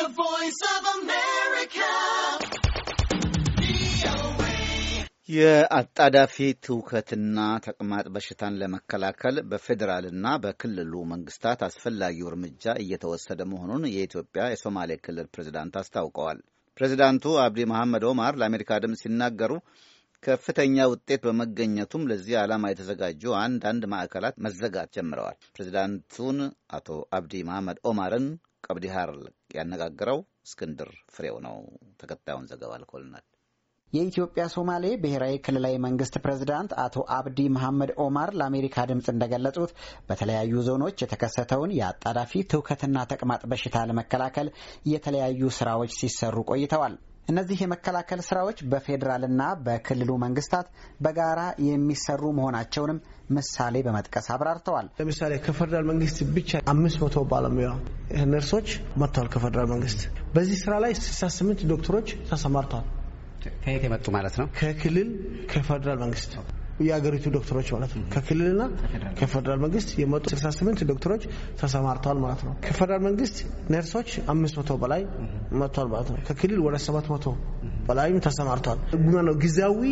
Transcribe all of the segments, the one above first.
The Voice of America. የአጣዳፊ ትውከትና ተቅማጥ በሽታን ለመከላከል በፌዴራልና በክልሉ መንግስታት አስፈላጊው እርምጃ እየተወሰደ መሆኑን የኢትዮጵያ የሶማሌ ክልል ፕሬዚዳንት አስታውቀዋል። ፕሬዚዳንቱ አብዲ መሐመድ ኦማር ለአሜሪካ ድምፅ ሲናገሩ ከፍተኛ ውጤት በመገኘቱም ለዚህ ዓላማ የተዘጋጁ አንዳንድ ማዕከላት መዘጋት ጀምረዋል። ፕሬዚዳንቱን አቶ አብዲ መሐመድ ኦማርን ቀብዲ ሀርል ያነጋግረው እስክንድር ፍሬው ነው። ተከታዩን ዘገባ ልኮልናል። የኢትዮጵያ ሶማሌ ብሔራዊ ክልላዊ መንግስት ፕሬዝዳንት አቶ አብዲ መሐመድ ኦማር ለአሜሪካ ድምፅ እንደገለጹት በተለያዩ ዞኖች የተከሰተውን የአጣዳፊ ትውከትና ተቅማጥ በሽታ ለመከላከል የተለያዩ ስራዎች ሲሰሩ ቆይተዋል። እነዚህ የመከላከል ስራዎች በፌዴራልና በክልሉ መንግስታት በጋራ የሚሰሩ መሆናቸውንም ምሳሌ በመጥቀስ አብራርተዋል። ለምሳሌ ከፌዴራል መንግስት ብቻ አምስት መቶ ባለሙያ ነርሶች መጥተዋል። ከፌዴራል መንግስት በዚህ ስራ ላይ ስልሳ ስምንት ዶክተሮች ተሰማርተዋል። ከየት የመጡ ማለት ነው? ከክልል ከፌዴራል መንግስት የሀገሪቱ ዶክተሮች ማለት ነው ከክልልና ከፌደራል መንግስት የመጡ 68 ዶክተሮች ተሰማርተዋል ማለት ነው። ከፌደራል መንግስት ነርሶች 500 በላይ መጥተዋል ማለት ነው። ከክልል ወደ 700 በላይም ተሰማርተዋል። ጉና ነው ጊዜያዊ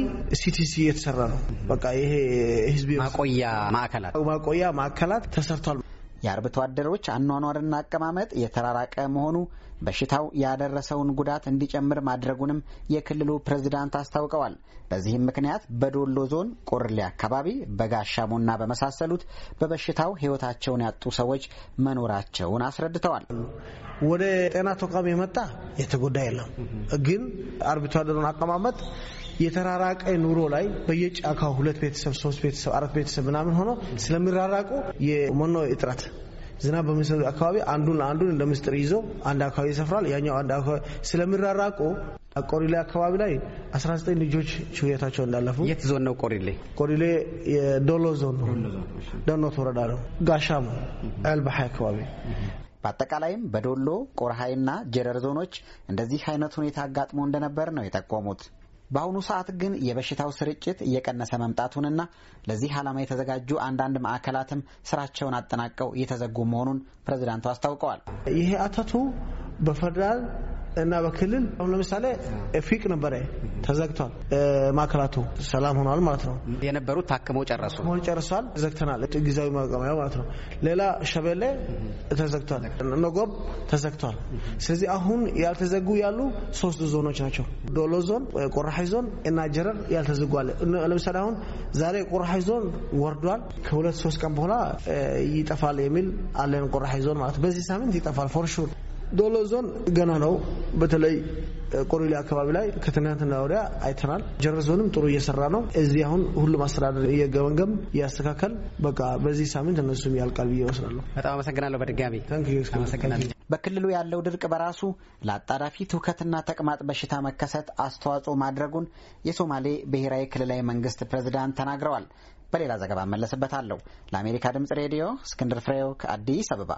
ሲቲሲ እየተሰራ ነው። በቃ ይሄ ህዝብ ማቆያ ማዕከላት ማቆያ ማዕከላት ተሰርቷል። የአርብቶ አደሮች አኗኗርና አቀማመጥ የተራራቀ መሆኑ በሽታው ያደረሰውን ጉዳት እንዲጨምር ማድረጉንም የክልሉ ፕሬዝዳንት አስታውቀዋል። በዚህም ምክንያት በዶሎ ዞን ቆርሌ አካባቢ በጋሻሞና በመሳሰሉት በበሽታው ሕይወታቸውን ያጡ ሰዎች መኖራቸውን አስረድተዋል። ወደ ጤና ተቋም የመጣ የተጎዳ የለም፣ ግን አርብቶ አደሩን አቀማመጥ የተራራቀ ኑሮ ላይ በየጫካው ሁለት ቤተሰብ፣ ሶስት ቤተሰብ፣ አራት ቤተሰብ ምናምን ሆኖ ስለሚራራቁ የመኖ እጥረት ዝናብ በሚሰሩ አካባቢ አንዱን አንዱን እንደ ምስጢር ይዞ አንድ አካባቢ ይሰፍራል። ያኛው አንድ አካባቢ ስለሚራራቁ ቆሪሌ አካባቢ ላይ 19 ልጆች ሕይወታቸው እንዳለፉ። የት ዞን ነው ቆሪሌ? ቆሪሌ የዶሎ ዞን ነው። ዶኖት ወረዳ ነው። ጋሻም አልባሃይ አካባቢ በአጠቃላይም በዶሎ ቆርሃይና ጀረር ዞኖች እንደዚህ አይነት ሁኔታ አጋጥሞ እንደነበር ነው የጠቆሙት። በአሁኑ ሰዓት ግን የበሽታው ስርጭት እየቀነሰ መምጣቱንና ለዚህ ዓላማ የተዘጋጁ አንዳንድ ማዕከላትም ስራቸውን አጠናቀው እየተዘጉ መሆኑን ፕሬዚዳንቱ አስታውቀዋል። ይሄ አተቱ በፌዴራል እና በክልል አሁን ለምሳሌ ፊቅ ነበረ ተዘግቷል። ማዕከላቱ ሰላም ሆኗል ማለት ነው። የነበሩት ታክመው ጨረሱ ጨርሷል። ዘግተናል፣ ጊዜያዊ ማቋሚያ ማለት ነው። ሌላ ሸበሌ ተዘግቷል፣ ነጎብ ተዘግቷል። ስለዚህ አሁን ያልተዘጉ ያሉ ሶስት ዞኖች ናቸው። ዶሎ ዞን፣ ቆራሐይ ዞን እና ጀረር ያልተዘጉ አለ። ለምሳሌ አሁን ዛሬ ቆራሐይ ዞን ወርዷል። ከሁለት ሶስት ቀን በኋላ ይጠፋል የሚል አለን። ቆራሐይ ዞን ማለት በዚህ ሳምንት ይጠፋል ፎር ሹር ዶሎ ዞን ገና ነው። በተለይ ቆሪሌ አካባቢ ላይ ከትናንትና ወዲያ አይተናል። ጀር ዞንም ጥሩ እየሰራ ነው። እዚህ አሁን ሁሉም አስተዳደር እየገመገም እያስተካከል፣ በቃ በዚህ ሳምንት እነሱም ያልቃል ብዬ እወስዳለሁ። በጣም አመሰግናለሁ። በድጋሚ በክልሉ ያለው ድርቅ በራሱ ለአጣዳፊ ትውከትና ተቅማጥ በሽታ መከሰት አስተዋጽኦ ማድረጉን የሶማሌ ብሔራዊ ክልላዊ መንግስት ፕሬዝዳንት ተናግረዋል። በሌላ ዘገባ መለስበታለሁ። ለአሜሪካ ድምጽ ሬዲዮ እስክንድር ፍሬው ከአዲስ አበባ